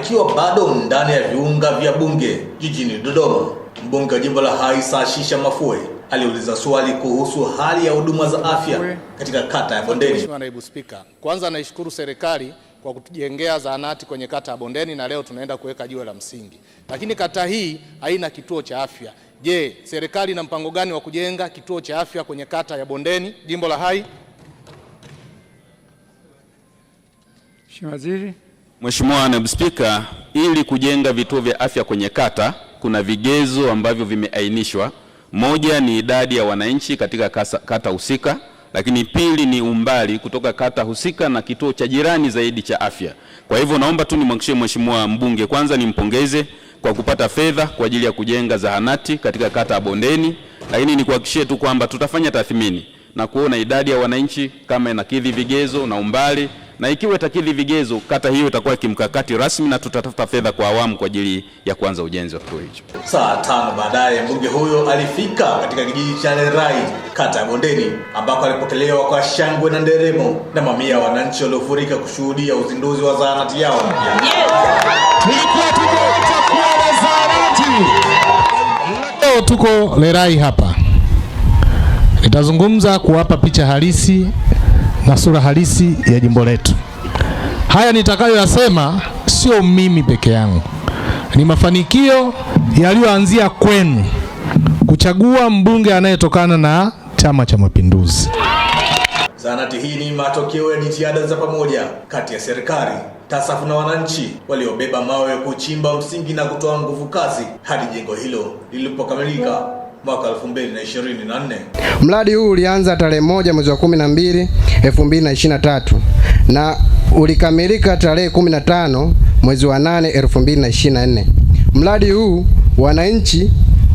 Akiwa bado ndani ya viunga vya bunge jijini Dodoma, mbunge wa jimbo la Hai Saashisha mafue aliuliza swali kuhusu hali ya huduma za afya katika kata ya Bondeni. Mheshimiwa Naibu Spika, kwanza naishukuru serikali kwa kutujengea zahanati kwenye kata ya Bondeni na leo tunaenda kuweka jiwe la msingi, lakini kata hii haina kituo cha afya. Je, serikali ina mpango gani wa kujenga kituo cha afya kwenye kata ya Bondeni, jimbo la Hai? Mheshimiwa Waziri. Mheshimiwa Naibu Spika, ili kujenga vituo vya afya kwenye kata kuna vigezo ambavyo vimeainishwa. Moja ni idadi ya wananchi katika kasa, kata husika, lakini pili ni umbali kutoka kata husika na kituo cha jirani zaidi cha afya. Kwa hivyo naomba tu nimwakishie Mheshimiwa mbunge, kwanza nimpongeze kwa kupata fedha kwa ajili ya kujenga zahanati katika kata ya Bondeni, lakini nikuhakikishie tu kwamba tutafanya tathmini na kuona idadi ya wananchi kama inakidhi vigezo na umbali na ikiwa itakidhi vigezo, kata hiyo itakuwa kimkakati rasmi na tutatafuta fedha kwa awamu kwa ajili ya kuanza ujenzi wa kituo hicho. Saa tano baadaye mbunge huyo alifika katika kijiji cha Lerai kata ya Bondeni ambako alipokelewa kwa shangwe na nderemo na mamia ya wananchi waliofurika kushuhudia uzinduzi wa zahanati yao. Leo tuko Lerai hapa, nitazungumza kuwapa picha halisi na sura halisi ya jimbo letu. Haya nitakayoyasema sio mimi peke yangu, ni mafanikio yaliyoanzia kwenu kuchagua mbunge anayetokana na Chama cha Mapinduzi. Zahanati hii ni matokeo ya jitihada za pamoja kati ya serikali, tasafu na wananchi waliobeba mawe kuchimba msingi na kutoa nguvu kazi hadi jengo hilo lilipokamilika mwaka 2024. Mradi huu ulianza tarehe moja mwezi wa 12 2023 na ulikamilika tarehe 15 mwezi wa 8 2024. Mradi huu wananchi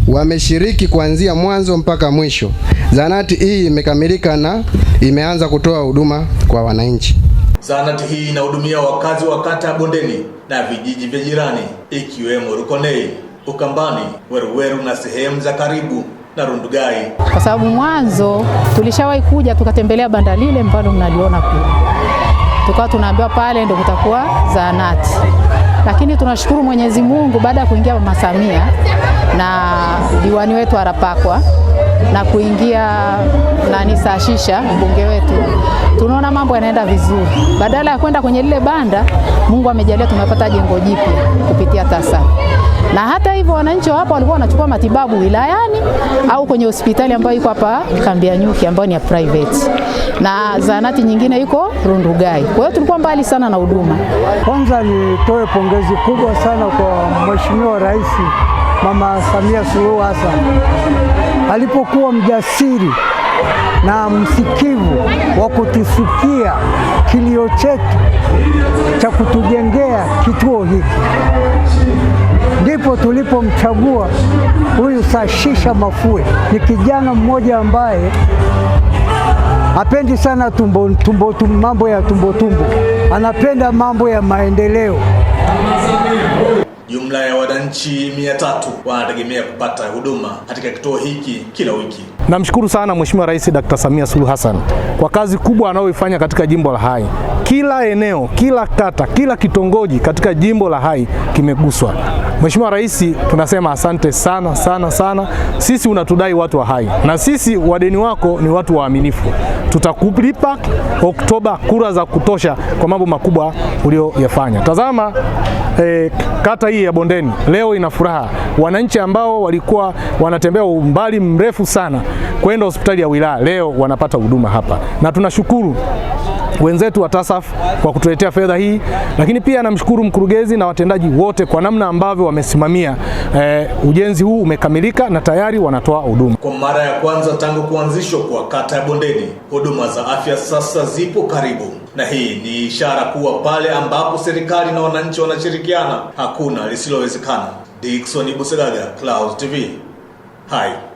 wameshiriki kuanzia mwanzo mpaka mwisho. Zahanati hii imekamilika na imeanza kutoa huduma kwa wananchi. Zahanati hii inahudumia wakazi wa kata ya Bondeni na vijiji vya jirani ikiwemo Rukonei. Ukambani, Weruweru na sehemu za karibu na Rundugai, kwa sababu mwanzo tulishawahi kuja tukatembelea banda lile ambalo mnaliona kule, tukawa tunaambiwa pale ndio kutakuwa zahanati, lakini tunashukuru Mwenyezi Mungu baada ya kuingia Mama Samia na diwani wetu Arapakwa na kuingia nani Saashisha mbunge wetu tunaona mambo yanaenda vizuri, badala ya kwenda kwenye lile banda. Mungu amejalia tumepata jengo jipya kupitia tasa na hata hivyo wananchi wa hapa walikuwa wanachukua matibabu wilayani au kwenye hospitali ambayo iko hapa Kambi ya Nyuki ambayo ni ya private na zahanati nyingine iko Rundugai. Kwa hiyo tulikuwa mbali sana na huduma. Kwanza nitoe pongezi kubwa sana kwa Mheshimiwa Rais Mama Samia Suluhu Hassan alipokuwa mjasiri na msikivu wa kutusikia kilio chetu cha kutujengea kituo hiki. Ndipo tulipomchagua huyu sashisha mafue Ni kijana mmoja ambaye hapendi sana tumbo, tumbo, tumbo, mambo ya tumbotumbo tumbo. Anapenda mambo ya maendeleo jumla ya wananchi mia tatu wanategemea kupata huduma katika kituo hiki kila wiki. Namshukuru sana Mheshimiwa Rais Dr. Samia Suluhu Hassan kwa kazi kubwa anayoifanya katika jimbo la Hai. Kila eneo, kila kata, kila kitongoji katika jimbo la Hai kimeguswa. Mheshimiwa Rais, tunasema asante sana sana sana. Sisi unatudai watu wa Hai na sisi wadeni wako ni watu waaminifu, tutakulipa Oktoba kura za kutosha kwa mambo makubwa uliyoyafanya. Tazama e, kata hii ya Bondeni leo ina furaha. Wananchi ambao walikuwa wanatembea umbali mrefu sana kwenda hospitali ya wilaya leo wanapata huduma hapa, na tunashukuru wenzetu wa TASAF kwa kutuletea fedha hii, lakini pia namshukuru mkurugenzi na watendaji wote kwa namna ambavyo wamesimamia. E, ujenzi huu umekamilika na tayari wanatoa huduma kwa mara ya kwanza tangu kuanzishwa kwa kata ya Bondeni. Huduma za afya sasa zipo karibu na hii ni ishara kuwa pale ambapo serikali na wananchi wanashirikiana hakuna lisilowezekana. Dickson Busagaga, Clouds TV. Hai.